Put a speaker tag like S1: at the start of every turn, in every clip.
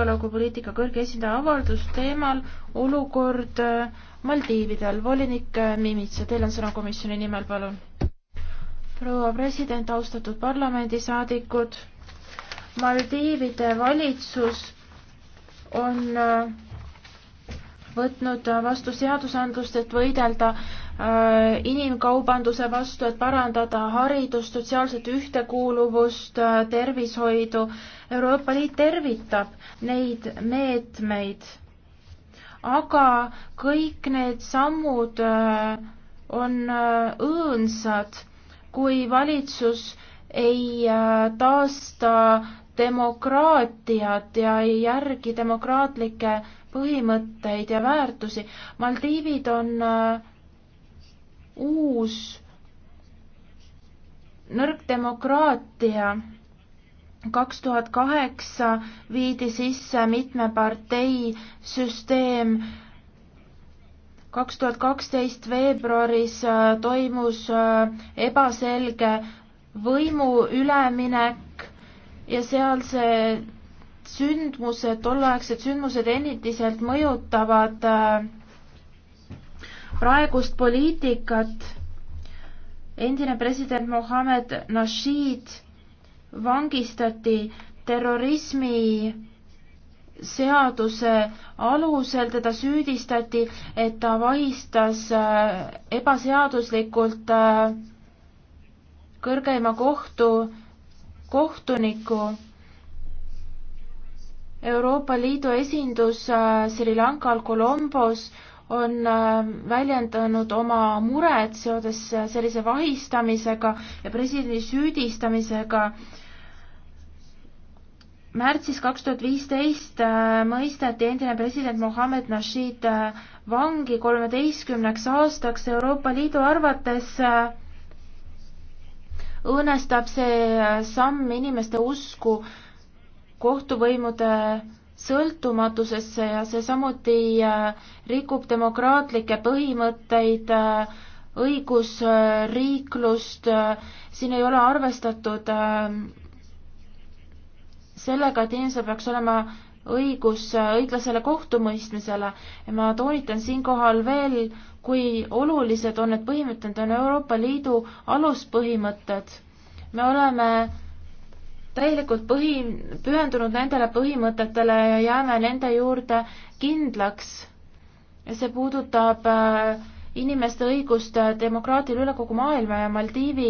S1: julgeolekupoliitika kõrge esindaja avaldus teemal olukord äh, Maldiividel. volinik äh, Mimitsa, teil on sõna komisjoni nimel, palun. proua president, austatud parlamendisaadikud, Maldiivide valitsus on äh, võtnud vastu seadusandlust, et võidelda Äh, inimkaubanduse vastu, et parandada haridust, sotsiaalset ühtekuuluvust, äh, tervishoidu. Euroopa Liit tervitab neid meetmeid. aga kõik need sammud äh, on õõnsad, kui valitsus ei taasta demokraatiat ja ei järgi demokraatlikke põhimõtteid ja väärtusi. Maldiivid on äh, uus nõrk demokraatia. kaks tuhat kaheksa viidi sisse mitme partei süsteem. kaks tuhat kaksteist veebruaris äh, toimus äh, ebaselge võimu üleminek ja sealse sündmused, tolleaegsed sündmused endiselt mõjutavad äh, praegust poliitikat endine president Mohammed Nasheed vangistati terrorismi seaduse alusel teda süüdistati, et ta vahistas äh, ebaseaduslikult äh, kõrgeima kohtu kohtuniku. Euroopa Liidu esindus äh, Sri Lankal Colombos on äh, väljendanud oma muret seoses sellise vahistamisega ja presidendi süüdistamisega. märtsis kaks tuhat viisteist äh, mõisteti endine president Mohammed Nasheed äh, vangi kolmeteistkümneks aastaks Euroopa Liidu arvates õõnestab see samm inimeste usku kohtuvõimude sõltumatusesse ja see samuti äh, rikub demokraatlikke põhimõtteid, äh, õigusriiklust, äh, siin ei ole arvestatud sellega, et inimesel peaks olema õigus õiglasele kohtumõistmisele ja ma toonitan siinkohal veel, kui olulised on need põhimõtted, on Euroopa Liidu aluspõhimõtted. me oleme täielikult põhi, pühendunud nendele põhimõtetele ja jääme nende juurde kindlaks. see puudutab äh, inimeste õigust äh, demokraatiale üle kogu maailma ja Maldiivi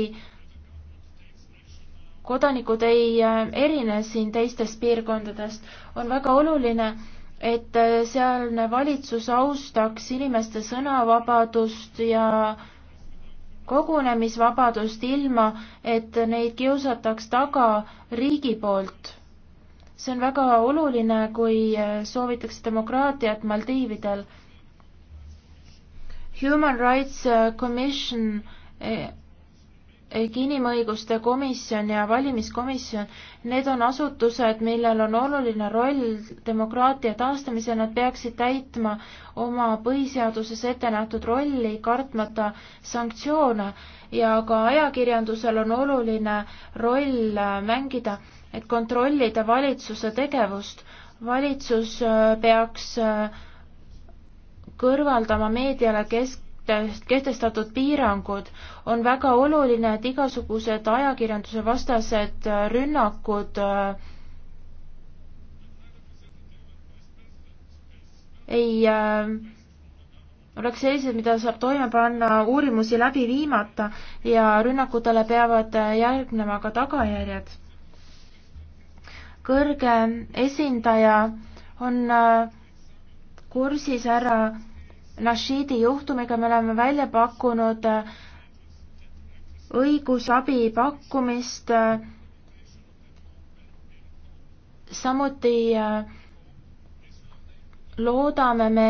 S1: kodanikud ei äh, erine siin teistest piirkondadest. on väga oluline, et sealne valitsus austaks inimeste sõnavabadust ja kogunemisvabadust ilma, et neid kiusataks taga riigi poolt. see on väga oluline, kui soovitakse demokraatiat Maldiividel. Human Rights Commission eh, inimõiguste komisjon ja valimiskomisjon, need on asutused, millel on oluline roll demokraatia taastamisel, nad peaksid täitma oma põhiseaduses ette nähtud rolli, kartmata sanktsioone ja ka ajakirjandusel on oluline roll äh, mängida, et kontrollida valitsuse tegevust. valitsus äh, peaks äh, kõrvaldama meediale kesk-, suhtes kehtestatud piirangud. on väga oluline, et igasugused ajakirjanduse vastased äh, rünnakud äh, ei äh, oleks sellised, mida saab toime panna uurimusi läbi viimata ja rünnakutele peavad äh, järgnema ka tagajärjed. kõrge esindaja on kursis härra Nasheedi juhtumiga me oleme välja pakkunud äh, õigusabi pakkumist, äh, samuti äh, loodame me,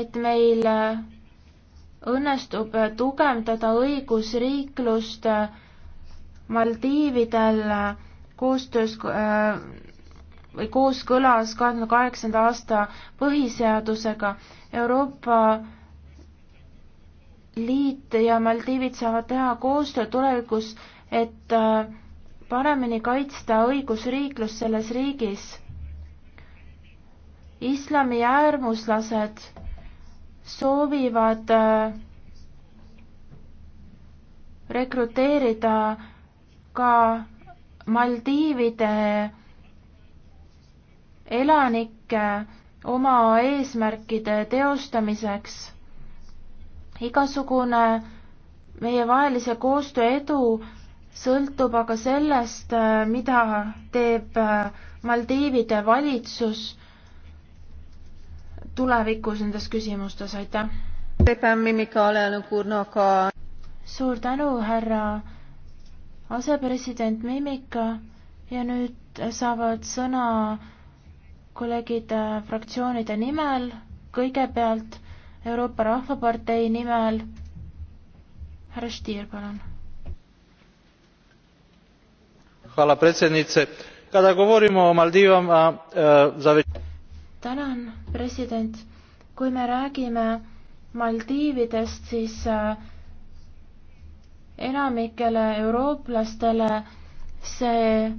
S1: et meil õnnestub tugevdada õigusriiklust Maldiividel koostöös või kooskõlas kahe tuhande kaheksanda aasta põhiseadusega. Euroopa Liit ja Maldiivid saavad teha koostööd tulevikus, et äh, paremini kaitsta õigusriiklust selles riigis. islami äärmuslased soovivad äh, rekruteerida ka Maldiivide elanikke oma eesmärkide teostamiseks. igasugune meievahelise koostöö edu sõltub aga sellest, mida teeb äh, Maldiivide valitsus tulevikus nendes küsimustes, aitäh! suur tänu, härra asepresident Mimika ja nüüd saavad sõna kolleegid äh, fraktsioonide nimel, kõigepealt Euroopa Rahvapartei nimel härra Stier, palun. E, tänan, president. kui me räägime Maldiividest, siis e, enamikele eurooplastele see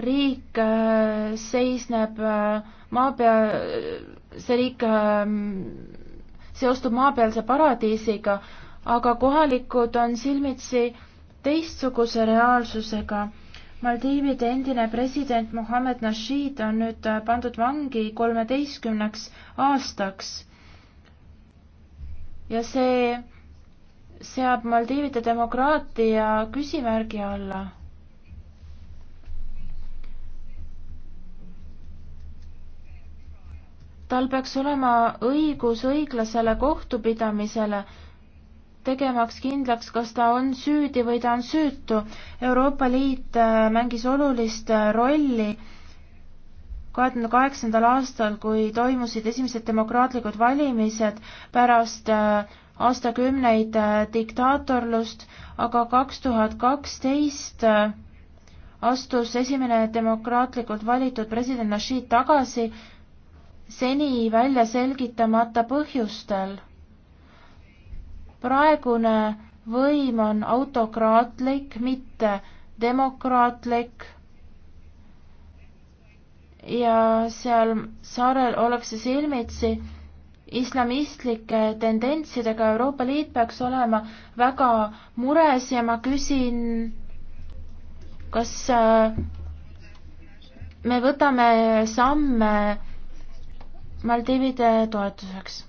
S1: riik äh, seisneb äh, maa pea-, see riik ähm, seostub maapealse paradiisiga, aga kohalikud on silmitsi teistsuguse reaalsusega. Maldiivide endine president Mohammed Nasheed on nüüd äh, pandud vangi kolmeteistkümneks aastaks. ja see seab Maldiivide demokraatia küsimärgi alla tal peaks olema õigus õiglasele kohtupidamisele, tegemaks kindlaks, kas ta on süüdi või ta on süütu. Euroopa Liit äh, mängis olulist äh, rolli kahe tuhande kaheksandal aastal, kui toimusid esimesed demokraatlikud valimised pärast äh, aastakümneid diktaatorlust, aga kaks tuhat kaksteist astus esimene demokraatlikult valitud president Nasheed tagasi seni välja selgitamata põhjustel. praegune võim on autokraatlik, mitte demokraatlik ja seal saarel ollakse silmitsi islamistlike tendentsidega, Euroopa Liit peaks olema väga mures ja ma küsin, kas äh, me võtame samme Maldiivide toetuseks.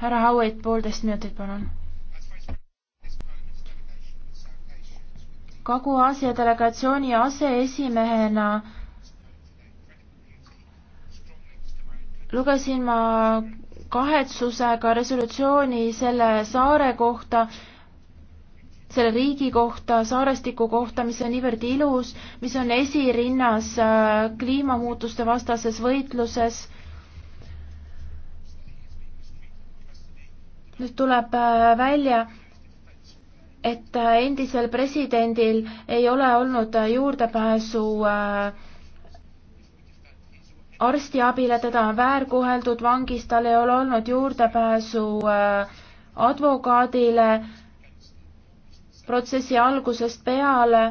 S1: härra Howard, poolteist minutit, palun. Kagu-Aasia delegatsiooni aseesimehena lugesin ma kahetsusega resolutsiooni selle saare kohta, selle riigi kohta, saarestiku kohta, mis on niivõrd ilus, mis on esirinnas äh, kliimamuutuste vastases võitluses nüüd tuleb äh, välja, et äh, endisel presidendil ei ole olnud äh, juurdepääsu arstiabile, teda on väärkoheldud vangis, tal ei ole olnud juurdepääsu advokaadile protsessi algusest peale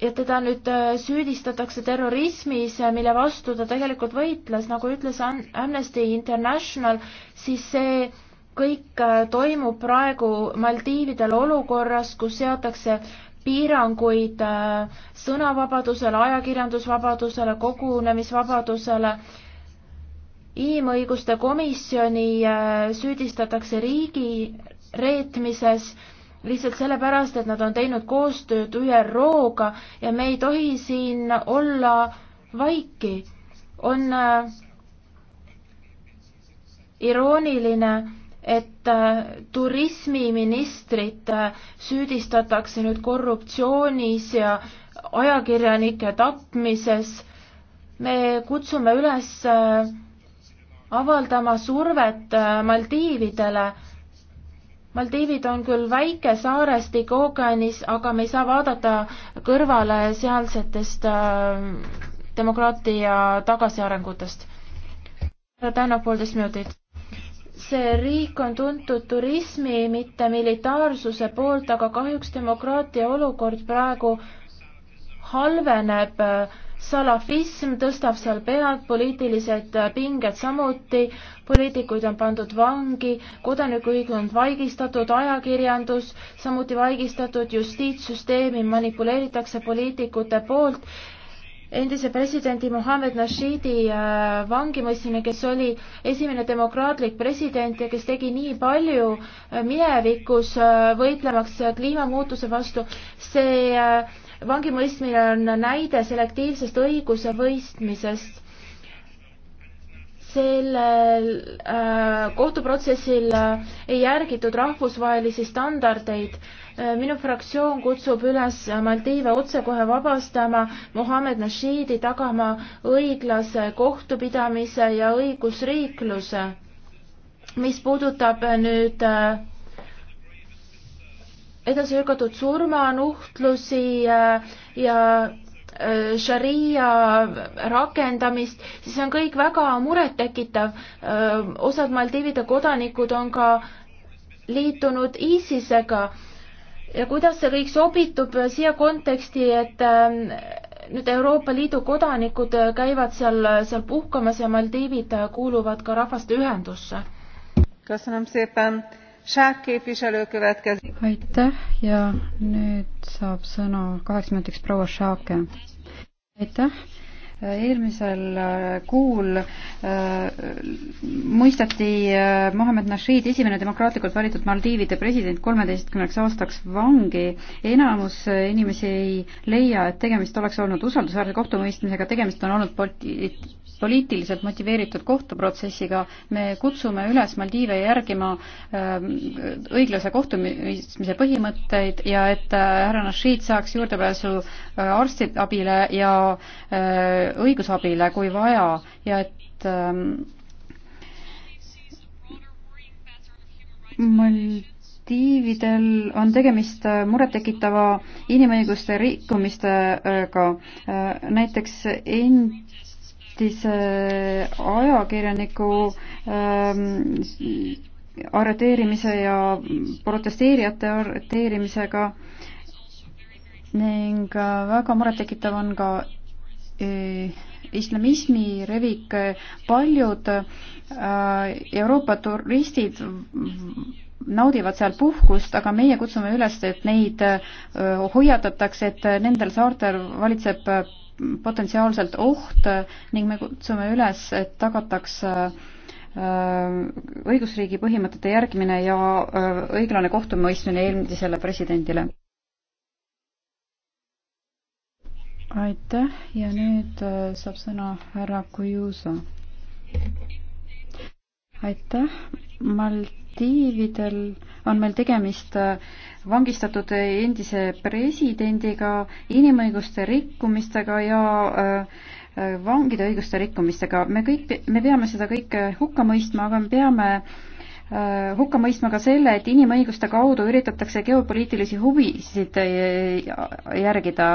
S1: ja teda nüüd süüdistatakse terrorismis, mille vastu ta tegelikult võitles, nagu ütles Amnesty International, siis see kõik äh, toimub praegu Maldiividel olukorras, kus seatakse piiranguid äh, sõnavabadusele, ajakirjandusvabadusele, kogunemisvabadusele. inimõiguste komisjoni äh, süüdistatakse riigi reetmises lihtsalt sellepärast, et nad on teinud koostööd ÜRO-ga ja me ei tohi siin olla vaiki. on irooniline et äh, turismiministrit äh, süüdistatakse nüüd korruptsioonis ja ajakirjanike tapmises. me kutsume üles äh, avaldama survet Maldiividele. Maldiivid on küll väike saarestik ookeanis, aga me ei saa vaadata kõrvale sealsetest demokraatia tagasiarengutest. tänan poolteist minutit see riik on tuntud turismi, mitte militaarsuse poolt, aga kahjuks demokraatia olukord praegu halveneb. salafism tõstab seal pead, poliitilised pinged samuti, poliitikuid on pandud vangi, kodanikuühiskond vaigistatud, ajakirjandus samuti vaigistatud, justiitssüsteemi manipuleeritakse poliitikute poolt endise presidendi Mohammed Nasheedi äh, vangimõistmine, kes oli esimene demokraatlik president ja kes tegi nii palju äh, minevikus äh, võitlemaks kliimamuutuse vastu. see vangimõistmine on näide selektiivsest õiguse võistmisest sellel äh, kohtuprotsessil äh, ei järgitud rahvusvahelisi standardeid äh,. minu fraktsioon kutsub üles Maldiive otsekohe vabastama Mohammed Nasheedi, tagama õiglase kohtupidamise ja õigusriikluse. mis puudutab äh, nüüd äh, edasi lükatud surmanuhtlusi äh, ja Äh, šaria rakendamist, siis see on kõik väga murettekitav. Äh, osad Maldiivide kodanikud on ka liitunud ISISega ja kuidas see kõik sobitub siia konteksti, et äh, nüüd Euroopa Liidu kodanikud käivad seal, seal puhkamas ja Maldiivid kuuluvad ka rahvaste ühendusse.
S2: kas enam see päev? aitäh ja nüüd saab sõna kaheks minutiks proua Šaake. aitäh eelmisel äh, kuul äh, mõisteti äh, Mohammed Nasheed, esimene demokraatlikult valitud Maldiivide president, kolmeteistkümneks aastaks vangi. enamus äh, inimesi ei leia, et tegemist oleks olnud usaldusväärse kohtumõistmisega, tegemist on olnud politi-, poliitiliselt motiveeritud kohtuprotsessiga. me kutsume üles Maldiive järgima ähm, õiglase kohtumise põhimõtteid ja et äh, härra Nasheed saaks juurdepääsu äh, arstiabile ja äh, õigusabile, kui vaja ja et ähm, Maldiividel on tegemist murettekitava inimõiguste rikkumistega, näiteks end-, tähtise ajakirjaniku ähm, arreteerimise ja protesteerijate arreteerimisega ning äh, väga murettekitav on ka äh, islamismi revik, paljud äh, Euroopa turistid naudivad seal puhkust, aga meie kutsume üles, et neid äh, hoiatatakse, et nendel saartel valitseb äh, potentsiaalselt oht ning me kutsume üles, et tagataks äh, õigusriigi põhimõtete järgimine ja äh, õiglane kohtumõistmine eelmisele presidendile. aitäh ja nüüd äh, saab sõna härra Kujusa. aitäh, Malt perspektiividel on meil tegemist äh, vangistatud endise presidendiga, inimõiguste rikkumistega ja äh, äh, vangide õiguste rikkumistega. me kõik, me peame seda kõike hukka mõistma, aga me peame hukka mõistma ka selle, et inimõiguste kaudu üritatakse geopoliitilisi huvisid järgida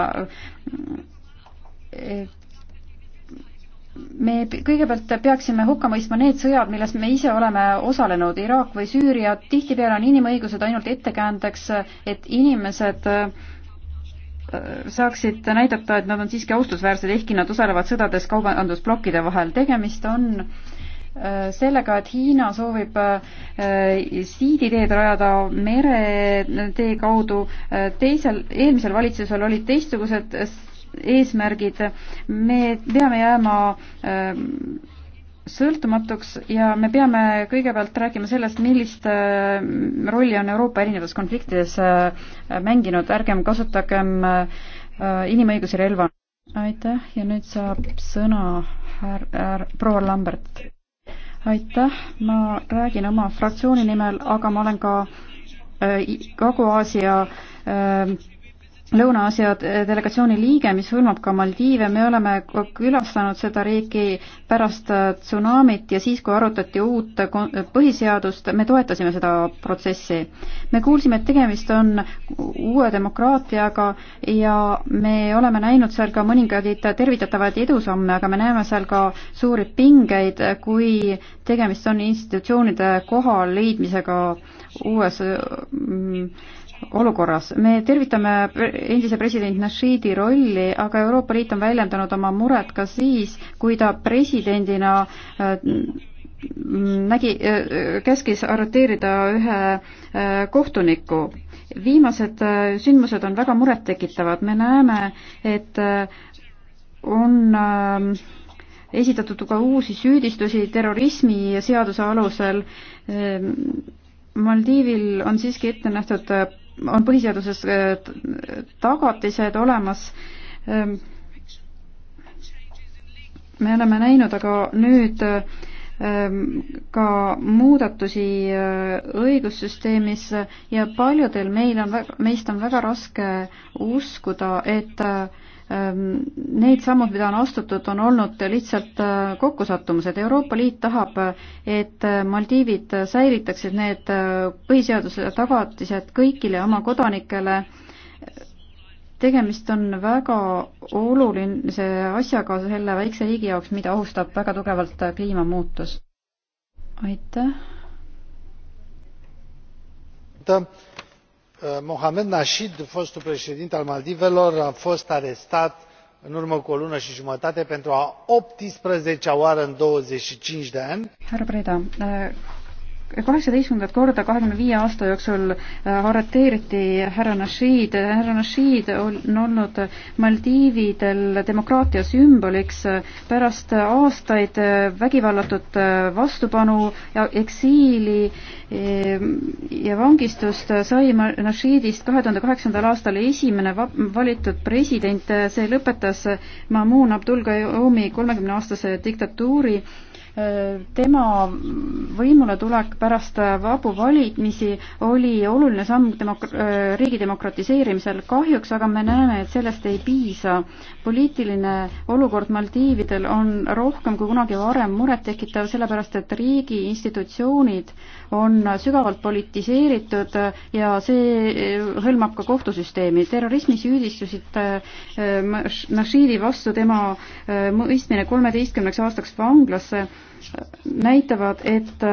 S2: me kõigepealt peaksime hukka mõistma need sõjad, milles me ise oleme osalenud, Iraak või Süüria, tihtipeale on inimõigused ainult ettekäändeks, et inimesed äh, saaksid näidata, et nad on siiski austusväärsed, ehkki nad osalevad sõdades kaubandusblokkide vahel. tegemist on äh, sellega, et Hiina soovib äh, siiditeed rajada meretee kaudu, teisel, eelmisel valitsusel olid teistsugused eesmärgid, me peame jääma ähm, sõltumatuks ja me peame kõigepealt rääkima sellest, millist ähm, rolli on Euroopa erinevates konfliktides äh, mänginud, ärgem kasutagem äh, inimõigusi relva. aitäh ja nüüd saab sõna härra proua Lambert. aitäh, ma räägin oma fraktsiooni nimel, aga ma olen ka äh, Kagu-Aasia äh, Lõuna-Aasia delegatsiooni liige, mis hõlmab ka Maldiive, me oleme külastanud seda riiki pärast tsunamit ja siis, kui arutati uut põhiseadust, me toetasime seda protsessi. me kuulsime, et tegemist on uue demokraatiaga ja me oleme näinud seal ka mõningaid tervitatavaid edusamme, aga me näeme seal ka suuri pingeid, kui tegemist on institutsioonide koha leidmisega uues mm, olukorras. me tervitame endise president Nasheedi rolli, aga Euroopa Liit on väljendanud oma muret ka siis, kui ta presidendina äh, nägi, äh, käskis arreteerida ühe äh, kohtuniku. viimased sündmused on väga murettekitavad, me näeme, et on esitatud ka uusi süüdistusi terrorismi seaduse alusel Maldiivil on siiski ette nähtud on põhiseaduses äh, tagatised olemas. Ähm, me oleme näinud aga nüüd ähm, ka muudatusi äh, õigussüsteemis ja paljudel meil on, meist on väga raske uskuda, et äh, Ehm, need sammud, mida on astutud, on olnud lihtsalt äh, kokkusattumused. Euroopa Liit tahab, et äh, Maldiivid säilitaksid need äh, põhiseaduse tagatised kõigile oma kodanikele. tegemist on väga olulise asjaga selle väikse riigi jaoks, mida ohustab väga tugevalt kliimamuutus. aitäh
S1: Uh, mohamed nasheed fostul președinte al maldivelor a fost arestat în urmă cu o lună și jumătate pentru a optsprezecea oară în douăzeci și cinci de ani
S2: kaheksateistkümnendat korda kahekümne viie aasta jooksul äh, arreteeriti härra Nasheed. härra Nasheed on olnud Maldiividel demokraatia sümboliks äh, pärast aastaid äh, vägivallatut vastupanu ja eksiili ehm, ja vangistust sai Nasheedist kahe tuhande kaheksandal aastal esimene valitud president. see lõpetas Mamun Abdul Gayomi kolmekümne aastase diktatuuri tema võimule tulek pärast vabu valimisi oli oluline samm demok-, riigi demokratiseerimisel. kahjuks aga me näeme, et sellest ei piisa poliitiline olukord Maldiividel on rohkem kui kunagi varem murettekitav, sellepärast et riigi institutsioonid on sügavalt politiseeritud ja see eh, hõlmab ka kohtusüsteemi. terrorismisüüdistusid eh, Nasheedi vastu tema eh, mõistmine kolmeteistkümneks aastaks vanglasse näitavad, et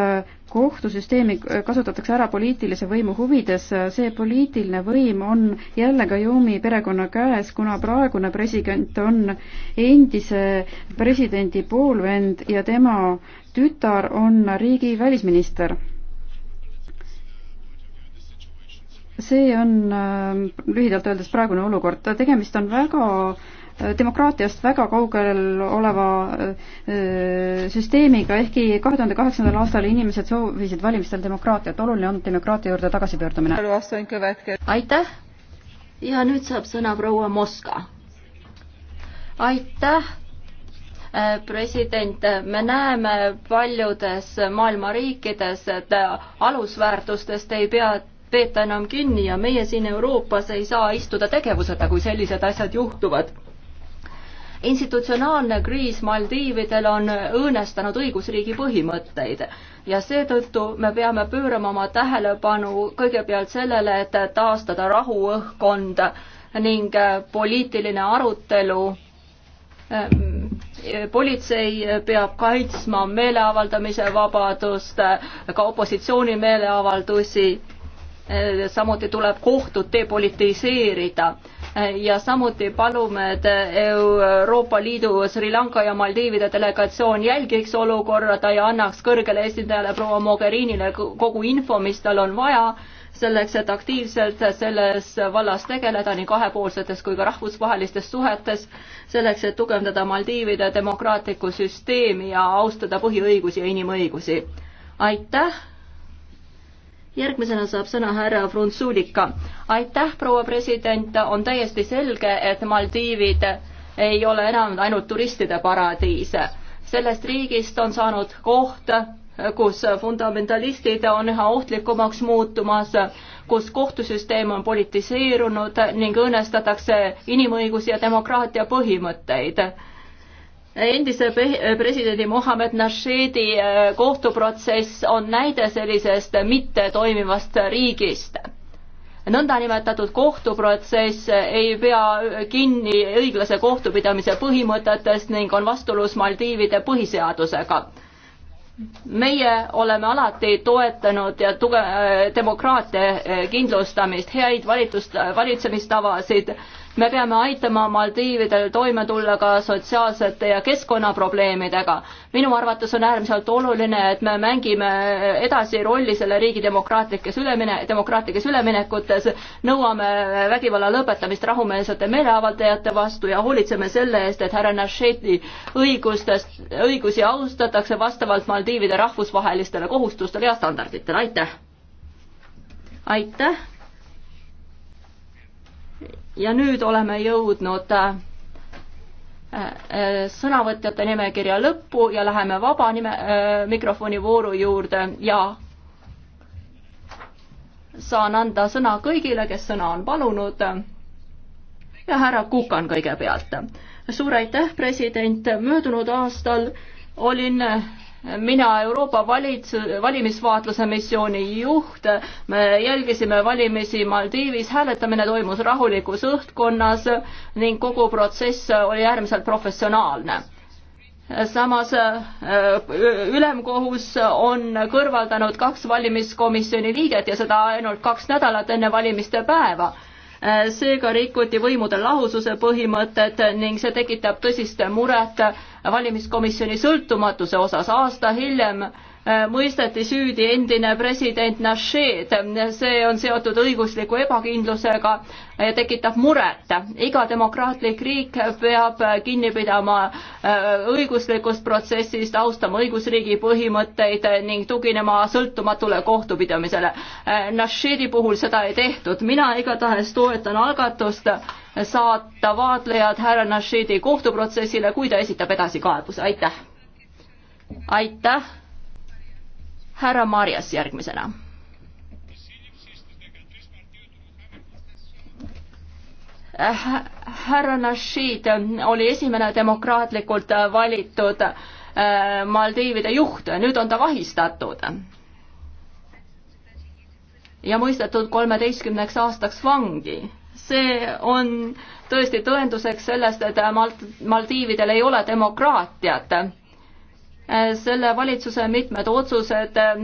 S2: kohtusüsteemi kasutatakse ära poliitilise võimu huvides, see poliitiline võim on jälle Gayomi perekonna käes, kuna praegune president on endise presidendi poolvend ja tema tütar on riigi välisminister. see on äh, lühidalt öeldes praegune olukord, tegemist on väga äh, demokraatiast väga kaugel oleva süsteemiga, ehkki kahe tuhande kaheksandal aastal inimesed soovisid valimistel demokraatiat, oluline on demokraatia juurde tagasipöördumine. aitäh
S3: ja nüüd saab sõna proua Moska. aitäh, äh, president, me näeme paljudes maailma riikides, et äh, alusväärtustest ei pea peeta enam kinni ja meie siin Euroopas ei saa istuda tegevuseta, kui sellised asjad juhtuvad institutsionaalne kriis Maldiividel on õõnestanud õigusriigi põhimõtteid ja seetõttu me peame pöörama oma tähelepanu kõigepealt sellele, et taastada rahuõhkkond ning poliitiline arutelu ehm, politsei peab kaitsma meeleavaldamise vabadust, ka opositsiooni meeleavaldusi. Ehm, samuti tuleb kohtud depolitiseerida ja samuti palume, et Euroopa Liidu Sri Lanka ja Maldiivide delegatsioon jälgiks olukorda ja annaks kõrgele esindajale proua Mogherinile kogu info, mis tal on vaja, selleks, et aktiivselt selles vallas tegeleda nii kahepoolsetes kui ka rahvusvahelistes suhetes, selleks, et tugevdada Maldiivide demokraatlikku süsteemi ja austada põhiõigusi ja inimõigusi. aitäh järgmisena saab sõna härra Frunzulika. aitäh, proua president, on täiesti selge, et Maldiivid ei ole enam ainult turistide paradiis. sellest riigist on saanud koht, kus fundamentalistid on üha ohtlikumaks muutumas, kus kohtusüsteem on politiseerunud ning õõnestatakse inimõigusi ja demokraatia põhimõtteid endise presidendi Mohammed Nasheedi äh, kohtuprotsess on näide sellisest mittetoimivast riigist. nõndanimetatud kohtuprotsess ei pea kinni õiglase kohtupidamise põhimõtetest ning on vastuolus Maldiivide põhiseadusega meie oleme alati toetanud ja tuge-, demokraatia kindlustamist, häid valitust, valitsemistavasid me peame aitama Maldiividel toime tulla ka sotsiaalsete ja keskkonnaprobleemidega. minu arvates on äärmiselt oluline, et me mängime edasi rolli selle riigi demokraatlikes ülemine-, demokraatlikes üleminekutes, nõuame vägivalla lõpetamist rahumeelsete meeleavaldajate vastu ja hoolitseme selle eest, et härra Nasheti õigustest, õigusi austatakse vastavalt Maldiivide rahvusvahelistele kohustustele ja standarditele, aitäh! aitäh! ja nüüd oleme jõudnud äh, äh, sõnavõtjate nimekirja lõppu ja läheme vaba nime, äh, mikrofoni vooru juurde ja saan anda sõna kõigile, kes sõna on palunud. ja härra Kukan kõigepealt. suur aitäh, president, möödunud aastal olin mina Euroopa valits-, valimisvaatluse missiooni juht, me jälgisime valimisi Maldiivis, hääletamine toimus rahulikus õhkkonnas ning kogu protsess oli äärmiselt professionaalne. samas äh, ülemkohus on kõrvaldanud kaks valimiskomisjoni liiget ja seda ainult kaks nädalat enne valimiste päeva seega rikuti võimude lahususe põhimõtet ning see tekitab tõsist muret valimiskomisjoni sõltumatuse osas. aasta hiljem Äh, mõisteti süüdi endine president Nasheed. see on seotud õigusliku ebakindlusega ja tekitab muret. iga demokraatlik riik peab kinni pidama äh, õiguslikust protsessist, austama õigusriigi põhimõtteid ning tuginema sõltumatule kohtupidamisele. Äh, Nasheedi puhul seda ei tehtud. mina igatahes toetan algatust saata vaatlejad härra Nasheedi kohtuprotsessile, kui ta esitab edasikaebuse. aitäh! aitäh! härra Marjas järgmisena. Äh, härra Nasheed oli esimene demokraatlikult valitud äh, Maldiivide juht, nüüd on ta vahistatud ja mõistetud kolmeteistkümneks aastaks vangi. see on tõesti tõenduseks sellest, et Malt-, Maldiividel ei ole demokraatiat selle valitsuse mitmed otsused äh,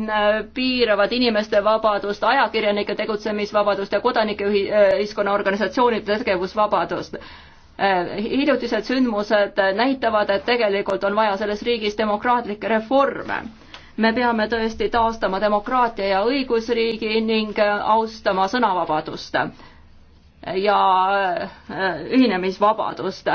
S3: piiravad inimeste vabadust, ajakirjanike tegutsemisvabadust ja kodanikeühiskonna äh, organisatsioonide tegevusvabadust. Äh, hiljutised sündmused näitavad, et tegelikult on vaja selles riigis demokraatlikke reforme me peame tõesti taastama demokraatia ja õigusriigi ning austama sõnavabadust ja ühinemisvabadust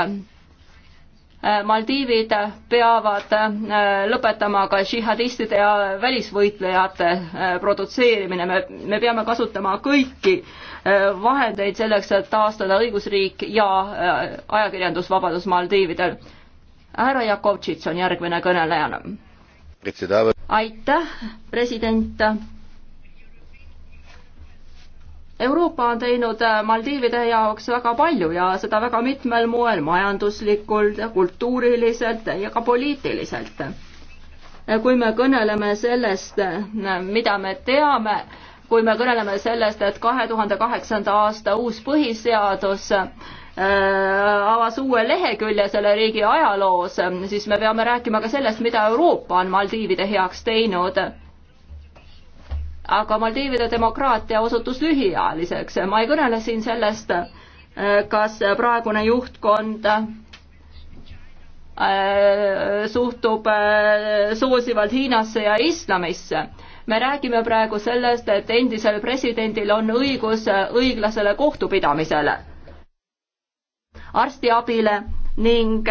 S3: Äh, Maldiivid peavad äh, lõpetama ka džihadistide ja välisvõitlejate äh, produtseerimine, me, me peame kasutama kõiki vahendeid selleks, et taastada õigusriik ja ajakirjandusvabadus Maldiividel. härra Jakovtšits on järgmine kõneleja. aitäh, president Euroopa on teinud äh, Maldiivide jaoks väga palju ja seda väga mitmel moel, majanduslikult, kultuuriliselt ja ka poliitiliselt. kui me kõneleme sellest, äh, mida me teame, kui me kõneleme sellest, et kahe tuhande kaheksanda aasta uus põhiseadus äh, avas uue lehekülje selle riigi ajaloos, siis me peame rääkima ka sellest, mida Euroopa on Maldiivide heaks teinud aga Maldiivide demokraatia osutus lühiajaliseks. ma ei kõnele siin sellest, äh, kas praegune juhtkond äh, suhtub äh, soosivalt Hiinasse ja islamisse. me räägime praegu sellest, et endisel presidendil on õigus õiglasele kohtupidamisele, arstiabile ning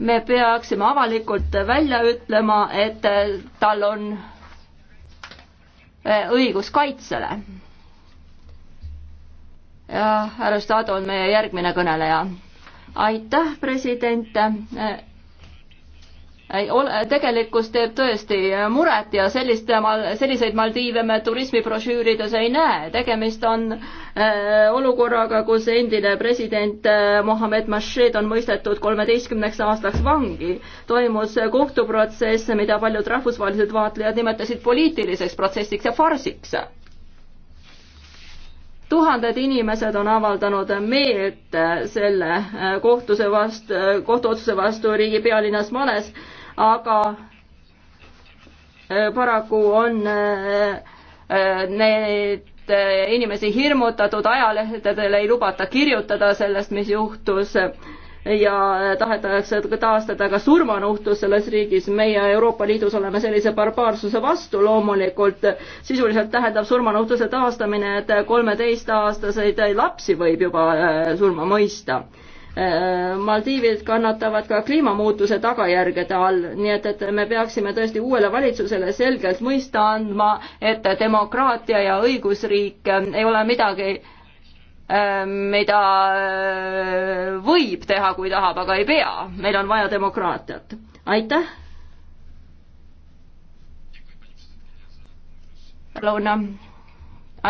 S3: me peaksime avalikult välja ütlema, et eh, tal on eh, õigus kaitsele. ja härra Stado on meie järgmine kõneleja. aitäh, president eh, tegelikkus teeb tõesti muret ja sellist, selliseid Maldiive me turismibrošüürides ei näe. tegemist on äh, olukorraga, kus endine president äh, Mohammed Mashed on mõistetud kolmeteistkümneks aastaks vangi. toimus kohtuprotsess, mida paljud rahvusvahelised vaatlejad nimetasid poliitiliseks protsessiks ja farsiks tuhanded inimesed on avaldanud meelt äh, selle kohtuse vastu, kohtuotsuse vastu riigi pealinnas Males aga äh, paraku on äh, äh, need inimesi hirmutatud, ajalehtedele ei lubata kirjutada sellest, mis juhtus ja tahetakse taastada ka surmanuhtlus selles riigis. meie Euroopa Liidus oleme sellise barbaarsuse vastu loomulikult. sisuliselt tähendab surmanuhtluse taastamine, et kolmeteistaastaseid lapsi võib juba surma mõista Äh, Maldiivid kannatavad ka kliimamuutuse tagajärgede all, nii et, et me peaksime tõesti uuele valitsusele selgelt mõista andma, et demokraatia ja õigusriik äh, ei ole midagi, äh, mida võib teha, kui tahab, aga ei pea. meil on vaja demokraatiat. aitäh. Lõuna,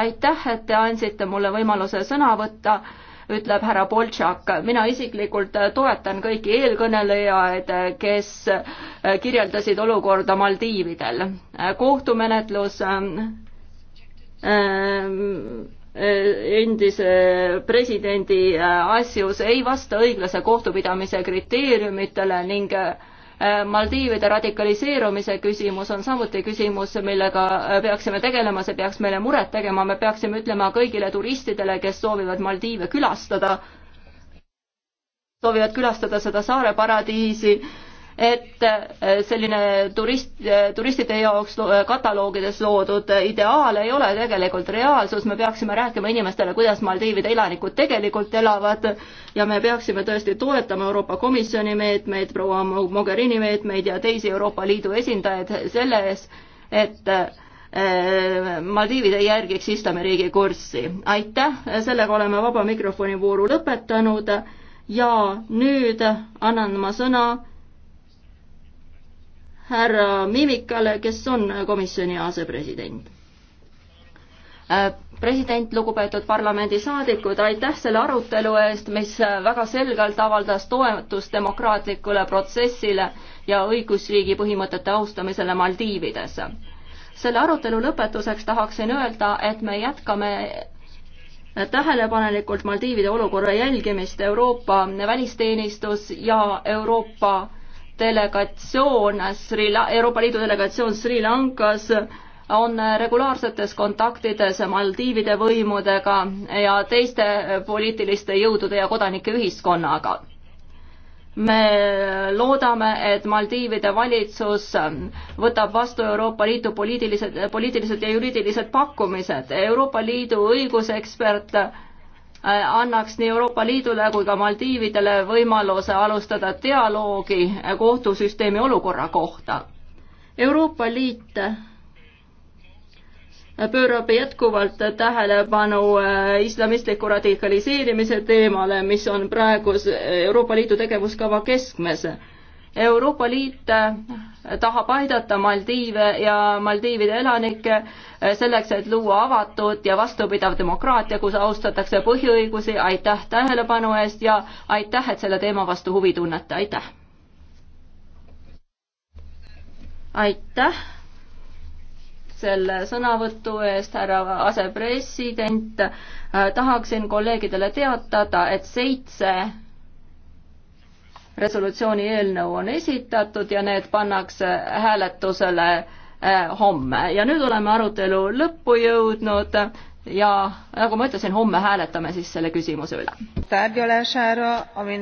S3: aitäh, et te andsite mulle võimaluse sõna võtta ütleb härra Boltšak. mina isiklikult toetan kõiki eelkõnelejaid, kes äh, kirjeldasid olukorda Maldiividel. kohtumenetlus äh, äh, endise presidendi asjus ei vasta õiglase kohtupidamise kriteeriumitele ning Äh, Maldiivide radikaliseerumise küsimus on samuti küsimus, millega äh, peaksime tegelema, see peaks meile muret tegema, me peaksime ütlema kõigile turistidele, kes soovivad Maldiive külastada, soovivad külastada seda saare paradiisi, et äh, selline turist, äh, turistide jaoks äh, kataloogides loodud ideaal ei ole tegelikult reaalsus, me peaksime rääkima inimestele, kuidas Maldiivide elanikud tegelikult elavad ja me peaksime tõesti toetama Euroopa Komisjoni meetmeid, proua Mogherini meetmeid ja teisi Euroopa Liidu esindajaid selle ees, et Maldiivid ei järgiks Islami riigi kurssi. aitäh, sellega oleme vaba mikrofoni vooru lõpetanud ja nüüd annan ma sõna härra Mimikale, kes on komisjoni asepresident. Äh, president, lugupeetud parlamendisaadikud, aitäh selle arutelu eest, mis väga selgelt avaldas toetust demokraatlikule protsessile ja õigusriigi põhimõtete austamisele Maldiivides. selle arutelu lõpetuseks tahaksin öelda, et me jätkame tähelepanelikult Maldiivide olukorra jälgimist Euroopa välisteenistus ja Euroopa delegatsioon Sri La-, Euroopa Liidu delegatsioon Sri Lankas on regulaarsetes kontaktides Maldiivide võimudega ja teiste poliitiliste jõudude ja kodanike ühiskonnaga. me loodame, et Maldiivide valitsus võtab vastu Euroopa Liidu poliitilised, poliitilised ja juriidilised pakkumised. Euroopa Liidu õigusekspert Äh, annaks nii Euroopa Liidule kui ka Maldiividele võimaluse alustada dialoogi kohtusüsteemi olukorra kohta. Euroopa Liit pöörab jätkuvalt tähelepanu äh, islamistliku radikaliseerimise teemale, mis on praegu Euroopa Liidu tegevuskava keskmes Euroopa Liit äh, tahab aidata Maldiive ja Maldiivide elanikke äh, selleks, et luua avatud ja vastupidav demokraatia, kus austatakse põhiõigusi. aitäh tähelepanu eest ja aitäh, et selle teema vastu huvi tunnete, aitäh. aitäh selle sõnavõtu eest, härra asepresident. Äh, tahaksin kolleegidele teatada, et seitse resolutsiooni eelnõu on esitatud ja need pannakse hääletusele äh, homme ja nüüd oleme arutelu lõppu jõudnud ja nagu ma ütlesin, homme hääletame siis selle küsimuse
S1: üle.